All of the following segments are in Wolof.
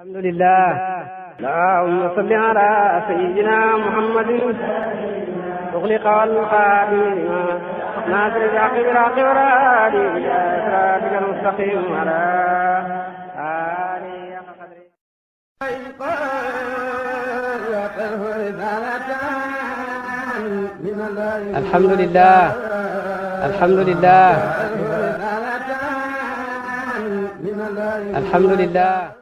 الحمد لله اللهم صل على سيدنا محمد أغلق القادم ما ترجع بالحق والهادي إلى صراطك المستقيم على الحمد لله الحمد لله الحمد لله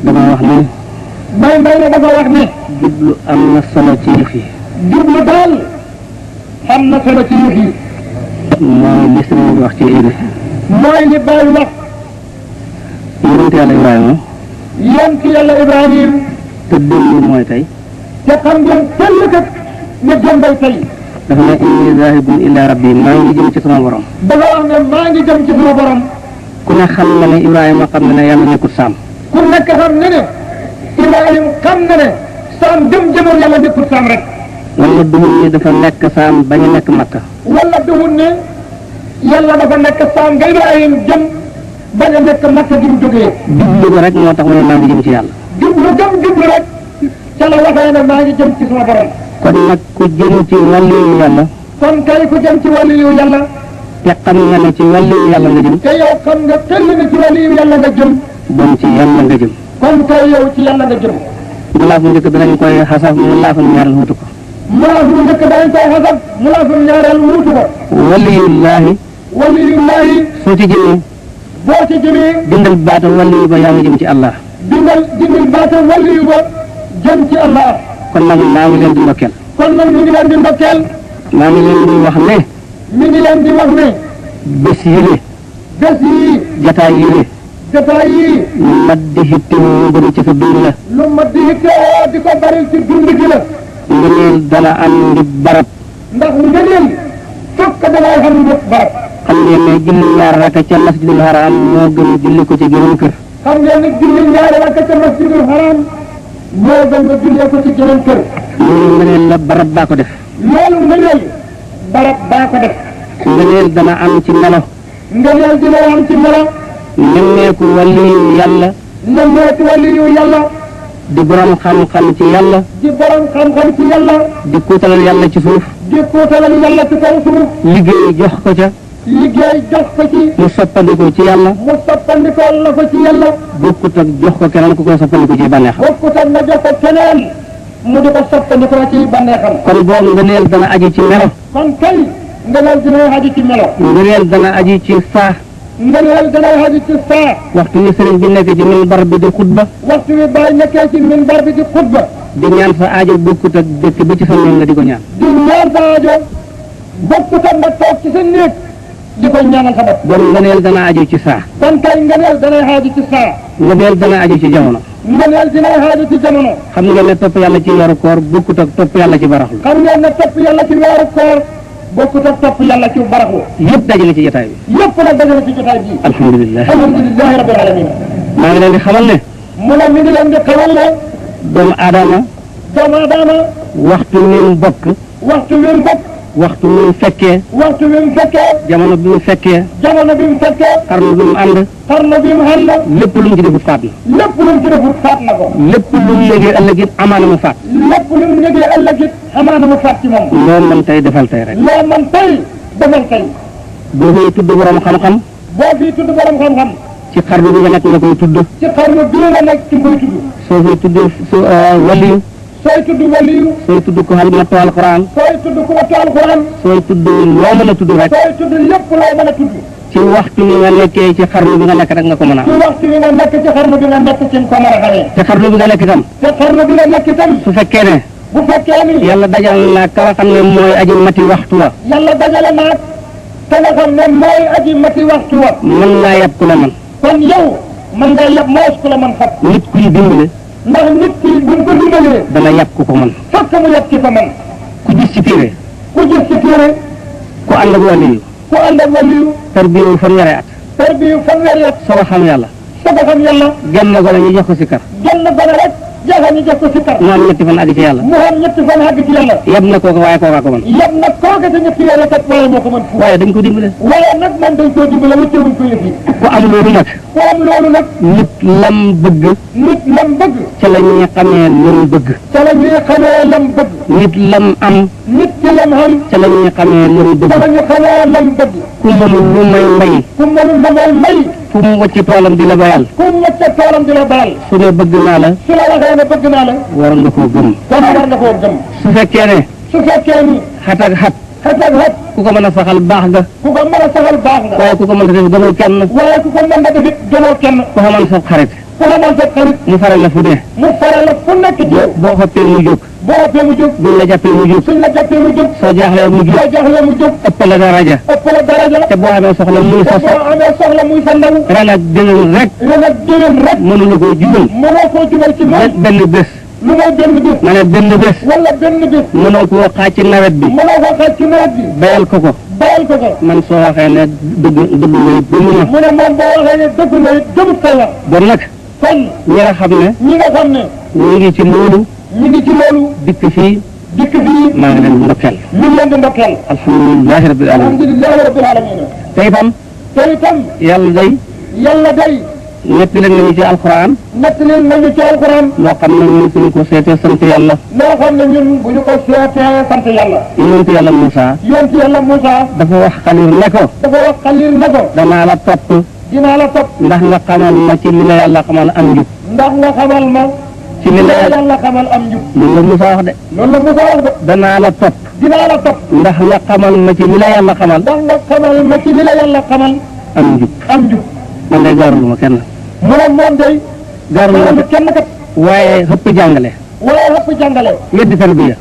dama wax ne. Baye dafa wax ne. jublu am na ci yëf yi. jublu na solo ci yëf yi. mooy li sëriñ wax ci yëf yi. mooy li Baye wax. yonent yàlla Ibrahima. yonent yàlla Ibrahima. te démb mooy tey. te xam ngeen kenn kat ne jëmbal tey. dafa ne inni zaahibun ila rabbi maa ngi jëm ci sama borom. dafa wax ne maa ngi jëm ci sama borom. ku ne xam na ne Ibrahima xam na ne yàlla saam. ku nekk xam na ne Ibrahima xam na ne saam jëm jëmoon yàlla nekkul saam rek. wala duhun ni dafa nekk saam bañ a nekk makka. wala duhun ne yàlla dafa nekk saam nga Ibrahima jëm bañ a nekk makka gi mu jógee. jublu ko rek moo tax mu ne maa ngi jëm ci yàlla. jublu gëm jublu rek ca la waxee ne maa ngi jëm ci sama borom. kon nag ku kon kay ku jëm ci wàllu yàlla. te xam nga ne ci wàllu yàlla nga jëm. te yow xam nga tënk na ci wàllu yàlla nga bon ci yàlla nga jëm. kon tey yow ci yàlla nga jëm. mulaaf mu njëkk bi dañ koy xasaf mu laafam ñaareel wutu ko. mulaaf mu njëkk dañ koy xasaf mu laafam ñaareel wutu ko. waliyullaahi. waliyullaahi. soo ci jëmee. boo ci jëmee. bindal baatam waliyu ba yaa ngi jëm ci Allah. bindal bindal baatam waliyu ba jëm ci Allah. kon nag maa ngi leen di ndokkeel. kon nag mi ngi leen di ndokkeel. maa ngi leen di wax ne. mi ngi leen di wax ne. bés yi ne. bés yi. jataay yi ne. jotaay mat di hittewoo bëri ci la. lu mat di hittewoo di ko baril ci dund gi la. ngëneel dana am di barab. ndax ngëneel fokk dangay xam di barab. xam ngeen ne julli ñaar raka ca masjidul haram moo gën julli ko ci geneen kër. xam ngeen ne julli ñaar raka ca masjidul haram moo gën nga jullee ko ci geneen kër. ko def. loolu ngëneel barab baa ko def. ngëneel dana am ci melo. ngëneel dina am ci melo. nemmeeku wàlliyu yàlla. nemmeeku wàlliyu yàlla. di borom xam-xam ci yàlla. di borom xam-xam ci yàlla. di kuutalal yàlla ci suuf. di kuutalal yàlla ci kaw suuf. liggéey jox ko ca. liggéey jox ko ci. mu soppandikoo ci yàlla. mu soppandikoo la ko ci yàlla. bokkut ak jox ko keneen ku koy soppandiku ci bànneex. bokkut ak nga jox ko keneen. mu di ko soppandikoo ci bànneexam. kon boobu nga neel dana aji ci melo. kon kay. nga neel dina aji ci melo. nga neel dana aji ci saa. ngëneel gënal xaditu saa waxtu wi sëriñ bi nekk ci minbar bi di xutba waxtu wi bàyyi nekkee ci minbar bi di xutba di ñaan fa aajo bokkut ak dëkk bi ci sa néeg nga di ko ñaan di ñaan fa aajo bokkut ak nga toog ci sa néeg di koy ñaanal sa bopp bon ngëneel dana aju ci saa kon kay ngëneel danay xaaju ci saa ngëneel dana aju ci jamono ngëneel dinay xaaju ci jamono xam ngeen ne topp yàlla ci weeru koor bokkut ak topp yàlla ci baraxlu xam ngeen ne topp yàlla ci weeru koor bokkut ak topp yàlla ci baraxu yëpp dajale ci jotaay bi yëpp nag dajale ci jotaay bi alhamdulilah alhamdulilahi rabbil alamin maa ngi leen di xamal ne mu ne mi ngi leen di xamal ne doomu aadama doomu aadama waxtu wéen bokk waxtu wéen bokk waxtu bi mu fekkee. waxtu bi mu fekkee. jamono bi mu fekkee. jamono bi mu fekkee. xarnu bi mu ànd. xarnu bi mu ànd. lépp lu mu ci defut faat na. lépp lu mu ci defut faat na ko. lépp lu mu yëgee ëllëg it amaana mu faat. lépp lu mu yëgee ëllëg it. amaana mu faat ci moom. loo mën tey defal tey rek. loo mën tey defal tey. boo fiy tudd borom xam-xam. boo fiy tudd borom xam-xam. ci xarnu bi nga nekk nga koy tudd. ci xarnu bi nga nekk ci koy tudd. soo fiy tuddee soo euh, wàllu. sooy tudd waliyu sooy tudd ko quran sooy tudd ko la quran sooy tudd loo mën a rek sooy tudd yépp loo mën a ci waxtu ni nga nekkee ci xarnu bi nga nekk rek nga ko mën ci waxtu ni nga nekk ci xarnu bi nga nekk ci ko mën xarnu bi nga xarnu bi nga su bu ni dajal na ka aji mati waxtu wa yàlla dajal na ka nga xam aji mati waxtu wa mën naa yab ku la man kon yow nga moos la man xat nit kuy ndax nit ki buñ ko dimbalee. dana yàpp ku ko mën. fekk mu yàpp ki ko mën. ku gis ci téere. ku gis ci téere. ku ànd ak wàllu ku ànd ak wàllu yu. tarbiyu fanweeri at. tarbiyu fanweeri at. soog a xam yàlla. soog a xam yàlla. genn ñu jox ko si kar. genn jaaxal ñu jox ko sikkar mu am ñetti fan àgg ci yàlla mu am ñetti fan àgg ci yàlla yab na kooka waaye ko mën yab na kooka te ñetti yàlla kat waaye moo ko mën waaye dañ ko dimbale waaye nag man ko yëf yi ku am loolu nag ku am loolu nag nit lam bëgg nit lam la ñuy xamee lam bëgg ca la ñuy xamee lam bëgg nit lam am nit ci lam am ca la ñuy xamee lam bëgg ca la ñuy xamee lam bëgg ku mënul lu may may ku mënul lu may fu mu wàcc toolam di la bayal fu mu wàcc toolam di la bayal su ne bëgg naa la su la waxee ne bëgg naa la war nga koo gëm kon war nga koo gëm su fekkee ne su fekkee ni xat ak xat xat ak xat ku ko mën a saxal baax nga ku ko mën a saxal baax nga waaye ku ko mën a def gënoo kenn waaye ku ko mën a def it gënoo kenn ku xamal sa xarit ku xamal sa xarit mu faral la fu ne mu faral la fu nekk boo xottee mu jóg boo ëppee mu jóg buñ la jàppee mu jóg suñ la jàppee mu jóg soo jaaxlee mu jóg soo jaaxlee mu jóg ëpp la daraja ëpp la daraja te boo amee soxla muy sa boo amee soxla muy sa ndaw ren ak déwén rek ren ak déwén rek mënuñu koo jubal mënoo koo jubal ci moom benn bés lu mooy benn bés ma ne benn bés wala benn bés mënoo koo xaaj ci nawet bi mënoo koo xaaj ci nawet bi bayal ko ko bayal ko ko man soo waxee ne dëgg dëgg na it gëm na mu ne moom boo waxee ne dëgg na it gëmut sa la bon nag kon ñi nga xam ne ñi nga xam ne ñu ngi ci loolu ñu ngi ci loolu. dikk fii. dikk fii. maa ngi leen di ndokkeel. ñu ngi leen di ndokkeel. alhamdulilah rabbil alamin. alhamdulilah rabbil alamin. tey tam. tey tam. yàlla day. yàlla day. nett leen nañu ci alxuraan. nett leen nañu ci alxuraan. loo xam ne ñun suñu ko seetee sant yàlla. loo xam ne ñun bu ñu ko seetee sant yàlla. yonent yàlla Moussa. yonent yàlla Moussa. dafa wax xalir ne ko. dafa wax xalir ne ko. danaa la topp. dinaa la topp. ndax nga xamal ma ci li la yàlla xamal am njub. ndax nga xamal ma. ci li la yàlla xamal am njub. loolu la Moussa wax de. loolu la Moussa wax de. danaa la topp. dinaa la topp. ndax nga xamal ma ci li la yàlla xamal. ndax nga xamal ma ci li la yàlla xamal. am njub am njub. man de gaarul ma kenn. mu ne moom day. gaarul ma kenn kat. waaye xëpp jàngale. waaye xëpp jàngale. weddi tarbiya.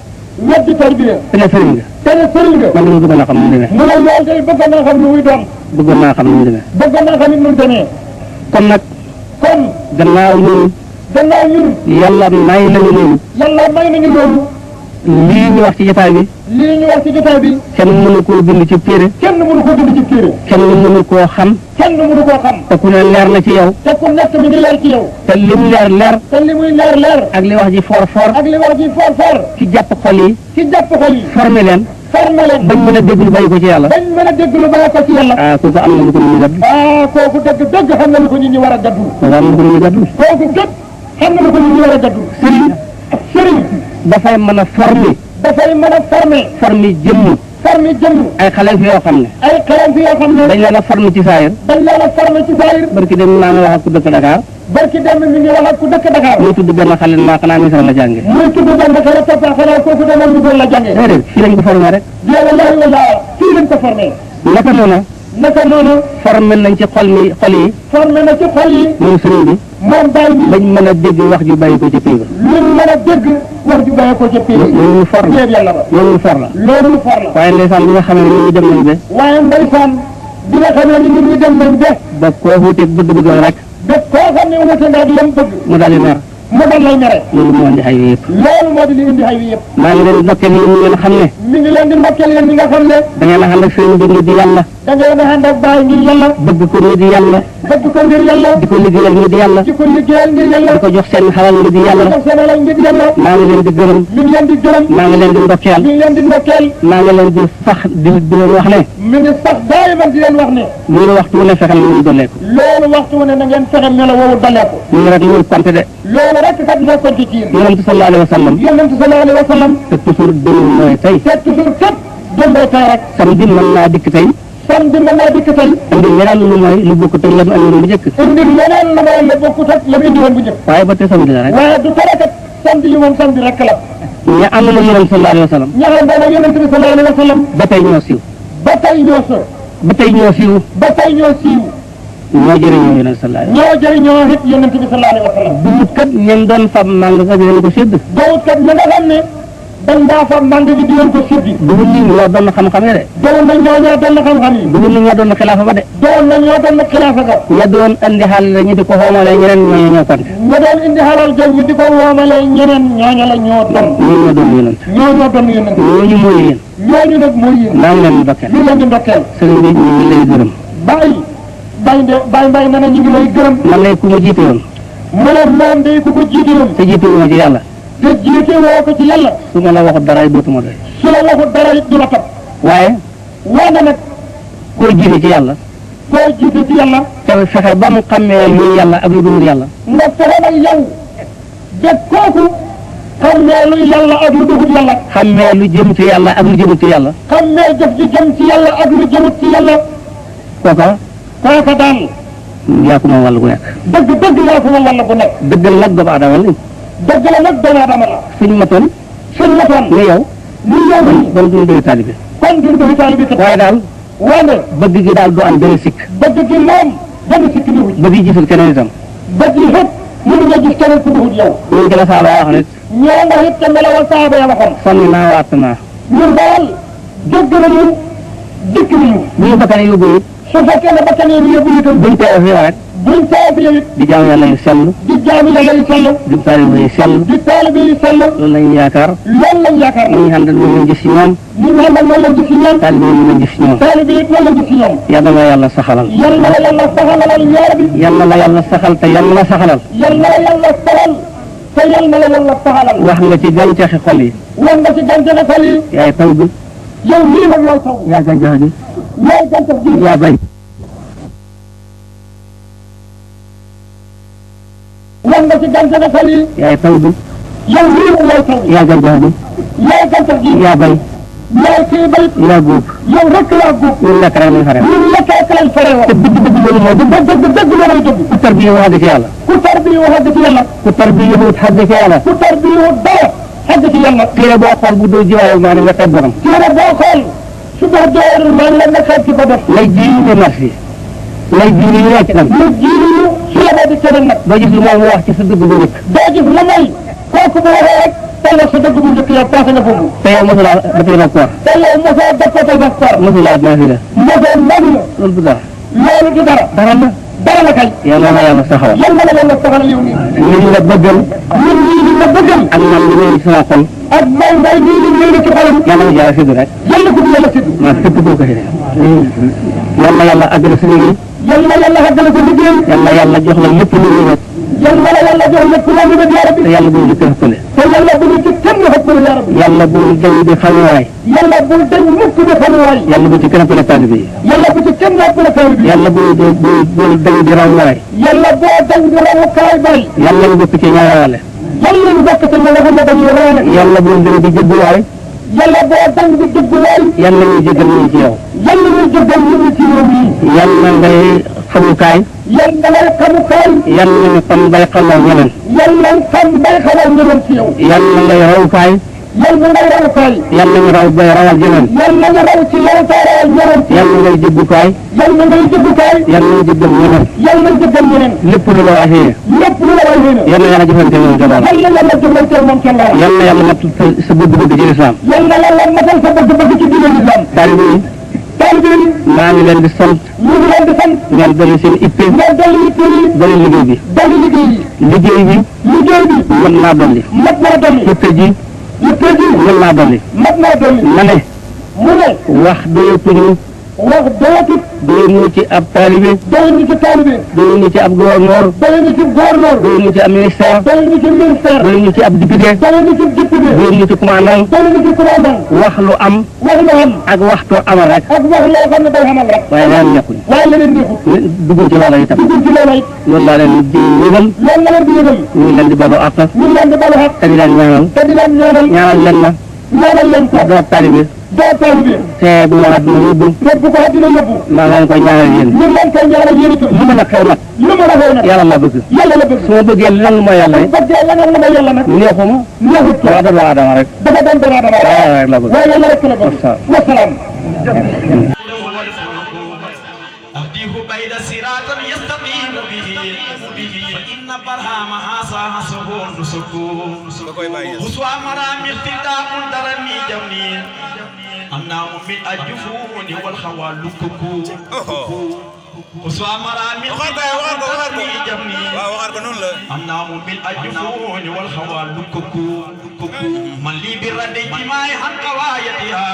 weddi tarbiya. te ne sëriñ nga. te ne sëriñ nga. man dama bëgg naa xam nu mu demee. mu ne loolu day bëgg naa xam nu muy doon. bëgg naa xam nu mu demee. bëgg naa xam nu mu demee. kon nag. kon gannaaw ñun. gannaaw ñun. yàlla may nañu loolu. yàlla may nañu loolu. lii ñu wax ci jotaay bi. lii ñu wax ci jotaay bi. kenn mënu koo bind ci téere. kenn mënu koo bind ci téere. kenn mënu koo xam. kenn mënu koo xam. te ku ne leer na ci yow. te ku nekk mi ngi leer ci yow. te li mu leer leer. te li muy leer leer. ak li wax ji foor foor. ak li wax ji foor foor. ci jàpp xol yi. ci jàpp xol yi. formé leen. formé leen. bañ mën a dégg lu bàyyi ko ci yàlla. bañ mën a dégg lu bàyyi ko ci yàlla. ah kooku am na lu ko nit ñi gàddu. ah kooku dëgg dëgg xam na lu ko nit ñi war a gàddu. kooku am na lu ko nit ñi gàddu. kooku gëpp xam nga ko ni ñu war a jaddu sëriñ ak sëriñ dafay mën a former dafay mën a former former jëmm former jëmm ay xale fi yoo xam ne ay xale fi yoo xam ne dañ leen a former ci saayir dañ leen a former ci saayir barki dem maa ku dëkk Dakar barki dem mi ngi wax ak ku dëkk Dakar muy tudd benn xale maa xanaa misra la jànge muy tudd benn xale toppaa xanaa kooku demoon misra la jànge déedéet fii naka noonu. formé nañ ci xol mi xol yi. formé na ci xol yi. moom sëriñ bi. moom baay bi bañ mën a dégg wax ju bàyyi ko ca pays ba. luñ mën a dégg wax ju bàyyi ko ca pays ba. loolu lu for la loolu lu for la. loolu lu for la. waaye ndeysaan bi nga xam ne nit ñi dem nañ ba. waaye ndeysaan bi nga xam ne nit ñi dem nañ ba. ba koo wuuteeg bëgg-bëgg rek. ba koo xam ne wuute nga di yem bëgg. mu daal di mer. mu dal lay mere. loolu moo indi xay wi yëpp. loolu moo di li indi xay wi yëpp. maa ngi leen di ndokkeel yéen ñi ngeen xam ne. mi ngi leen di ndokkeel yéen ñi nga xam ne. da ngeen a ànd ak seen mbir di yàlla. da ngeen a ànd ak bàyyi ngir yàlla. bëgg ko ngir yàlla. bëgg ko ngir yàlla. di ko liggéeyal ngir yàlla. di ko liggéeyal ngir yàlla. di ko jox seen xalal ngir yàlla. di ko jox seen xalal ngir yàlla. maa ngi leen di gërëm. mi ngi leen di gërëm. maa ngi leen di ndokkeel. mi ngi leen di ndokkeel. maa ngi leen di sax di di leen wax ne. mi ngi sax man di leen wax ne. loolu waxtu wu ne fexe melu dolleeku. loolu waxtu wu ne na ngeen fexe melu woowu dolleeku. loolu rek mënul compter de. loolu rek kat nga compter ci yéen. yonent sallallahu alayhi wa sallam. yonent sallallahu alayhi wa sallam. te toujours démb mooy tey. te toujours kat démb mooy tey rek. samedi mën naa dikk tey. samedi mën naa dikk tey. indi leneen lu mooy lu bokkut ak la mu indi woon bu njëkk. indi leneen lu mooy lu bokkut ak la mu indi woon bu njëkk. waaye ba tey samedi la rek. waaye du tere kat samedi li moom samedi rek la. ña am na yonent sallallahu alayhi wa sallam. ña xam ne yonent bi sallallahu alayhi wa sallam. ba tey ñoo siiw. ba tey ñoo siiw. ba tey ñoo siiw. ba tey ñoo siiw. ñoo jëriñoo yonent sallallahu alayhi wa sallam. ñoo jëriñoo it yonent bi sallallahu alayhi wa sallam. duut kat ñan doon fam maa nga fa ñu ko sédd. duut dañ daa fa mànd di di leen ko suddi dugu ni loo doon xam-xam yi de doon nañ ñoo ñoo doon xam-xam yi dugu ni ñoo doon xilaafa ba de doon nañ ñoo doon xilaafa ga ña doon indi xaalal la ñu di ko xoomalee ñeneen ñooñu ñoo tont ña doon indi xaalal jooju di ko xoomalee ñeneen ñooñu la ñoo tont ñoo ñoo doon yonent ñoo ñoo doon yonent ñooñu mooy yéen ñooñu nag mooy yéen daa leen di ndokkeel ñu leen di ndokkeel sëriñ bi ñu ngi lay gërëm bàyyi bàyyi de bàyyi mbay na na ñu ngi lay gërëm man lay ku ma jiite woon mu ne moom day ku ko jiite woon te jiite woon ci yàlla te jiite woo ko ci yàlla. su ma la waxut dara it dootuma doy. su la waxut dara it du la topp. waaye. waaye nag. koo jiite ci yàlla. koo jiite ci yàlla. te fexe ba mu xàmmee luy yàlla ak lu dul yàlla. nga fexe ba yow. de kooku. xàmmee lu yàlla ak lu dugub yàlla. xàmmee lu jëm ci yàlla ak lu jëmut ci yàlla. xàmmee jëf ji jëm ci yàlla ak lu jëmut ci yàlla. kooka. kooka daal. yaa ko moom wàll bu nekk. dëgg dëgg yaa ko moom wàll bu nekk. dëggal nag doomu aadama li. dëgg la nag doomu aadama la. suñ matoon. suñ matoon ni yow. ni yow nii kon duñ doy taalibe. kon duñ doy taalibe kat. waaye daal. waaye bëgg gi daal du am benn sikk. bëgg gi moom benn sikk dugg ci. bëgg yi gisul keneen itam. bëgg yi xëpp mënu nga gis keneen ku dugut yow. ñun gën a saaba yaa wax nit. ñoo nga it te melawal saaba yaa waxoon. sonn naa waat naa. ñun daal jóg nañu dikk nañu. bu ñu bakkanee yóbbu it. su fekkee ne bakkanee yóbbu itam. buñ teewoo fi rek. buñ taal bi di jaam yàlla yu sell. di jaam yàlla yu sell. di taalibe yu sell. di taalibe yu sell. loolu lañ yaakaar. loolu lañ yaakaar. li ñu àndal moom lañ gis si ñoom. li ñu àndal moom lañ gis si ñoom. taalibe yi moom lañ gis si ñoom. taalibe yi moom lañ gis si ñoom. yàlla na yàlla saxalal. yàlla na yàlla saxalal ñaar bi. yàlla na yàlla saxal te yàlla na saxalal. yàlla na yàlla saxal. te yàlla na yàlla saxalal. wax nga ci gàncaxi xol yi. wax nga ci gàncaxi xol yi. yaay taw bi. yow lii nag yaay taw. yaa gàncax gi. yaay gàncax gi. yaa bay. ci gàncax ak xel yi. yaay taw bi. yow lii moom yaay taw bi. yaa gàncax bi. yaay gàncax gi. yaa bay. yaay kii bay. yaa góob. yow rek laa góob. ñun lekk rek lañ farewoo. ñun lekk rek lañ farewoo. te dëgg dëgg loolu mooy dëgg dëgg dëgg loolu dëgg. ku tar bi yow xàgg ci yàlla. ku tar bi yow xàgg ci yàlla. ku tar bi yow xàgg ci yàlla. ku tar bi yow dara xàgg ci yàlla. téere boo xool bu doo jiwaayal maa ne nga teg borom. téere boo xool su doo doyalul maa ngi la nekkal ci ba def. lay ji marché lay ji li ñu wàcc nag. lu ji li ñu xelal di tëral nag. doo gis lu moom wax ci sa dëgg bu njëkk. doo gis lu may kooku bu waxee rek. tey sa dëgg bu njëkk yow passé na foofu. te yow mosul a dëppee ba koor. te yow mosul a dëppee ba koor. mosul a naa fi la. mosul naa fi la. loolu du dara. loolu du dara. dara la. dara la kay. yal na ma yàlla saxal. yal na ma yàlla saxal yow nii. ñun la bëggal. ñun ñii di la bëggal. ak man li ngay sama xol. ak man mbay mii di ñëw ci xolam. yal na ma yàlla sédd rek. yal na ko yàlla sédd. maa sédd boo ko sédd. yal na yàlla àggal suñu yal na yàlla xaggale ko liggéeyam yal na yàlla jox la lépp lu ñu rek yal na la yàlla jox lépp lu ñu rek yaa rabbi te yàlla bul ci kenn xëppale te yàlla bul ci kenn xëppale yaa rabbi yàlla bul dañ di xamuwaay yàlla bul dañ mukk di xamuwaay yàlla bu ci kenn xëppale taalibe yi yàlla bu ci kenn xëppale taalibe yi yàlla bul bul bul dañ di rawuwaay yàlla boo dañ di rawukaay bay yàlla ñu bokk ci ñaarale yàlla ñu bokk ci ñaarale yàlla bul dañ di jëbbuwaay yàlla boo dang bi dëgg lool. yàlla ñuy jëggal ñu ci yow. yàlla ñuy jëggal ñu ci yow bii. yàlla ngay xamukaay. yàlla ngay xamukaay. yàlla ñu xam bay xamal ñeneen. yàlla xam bay xamal ñeneen ci yow. yàlla ngay rawukaay. yal na nga raw kaay. yal na nga raw bay rawal jëman. yal na nga raw ci yow tey rawal jëman. yal na ngay jëggu kaay. yal na ngay jëggu kaay. yal na jëggal ñeneen. yal na jëggal ñeneen. lépp lu la waxee. lépp lu la waxee. yal na yàlla jëfante moom ca daal. yal na yàlla jëfante moom ca daal. yal na yàlla natt sa bëgg-bëgg ci lislaam. yal na yàlla matal sa bëgg-bëgg ci diine lislaam. taalibe yi. taalibe yi. maa ngi leen di sant. ñu ngi leen di sant. ngeen dolli seen ippe. ngeen dolli ippe yi. dolli liggéey bi. dolli liggéey bi. liggéey bi. liggéey bi. mën naa dolli. mën naa dolli. ippe ji mu tëju mën naa dolli. mën naa dolli ma ne. mu ne. wax dëgg wax doyatit. doy na ci ab taalibe. doy na ci taalibe. doy na ci ab gouverneur. doy na ci gouverneur. doy na ci ab ministère. doy na ci ministère. doy na ci ab député. doy na ci député. doy na ci commandant. doy na ci commandant. wax lu am. wax lu am. ak waxtu amal rek. ak wax loo xam ne day amal rek. waaye leneen nekkul. waaye leneen nekkul. dugg ci loola itam. dugg ci loola it. loolu laa leen di yëgal. loolu la leen di yëgal. ñu ngi leen di balu àq. ñu ngi leen di balu àq. te di leen ñaanal. te di leen ñaanal. ñaanal leen na. ñaanal leen ko. doo taalibe. doo taalibe. te bu ma àdduna yóbbu. te bu ko àdduna yóbbu. maa ngi leen koy ñaanal yéen. ñu leen koy ñaanal yéen itam. lu mën a xew nag. lu mën a xew nag. yàlla la bëgg. yàlla la bëgg. su ma bëggee lan ma yàlla. su ma bëggee lan ma yàlla nag. neexuma. neexut ko dafa doon adama rek. dafa doon adama rek. waaw waaw waaye yàlla rek la bëgg. wasalaam. بالأجفون والخوال كوكو وصام رامي أنام بالأجفون والخوال كوكو من لي برد جماع حق وايتها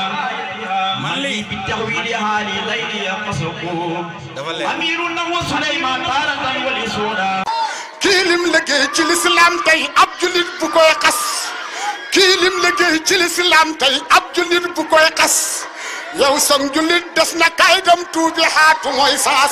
من لي بالتحويل حالي ليلي قصقو أمير وسليمان تارة والإسودا kii lim liggéey ci lislaam tey ab julit bu koy xas kii lim liggéey ci lislaam tey ab julit bu koy xas yow sam jullit des na kay dem tuubi xaatu mooy saas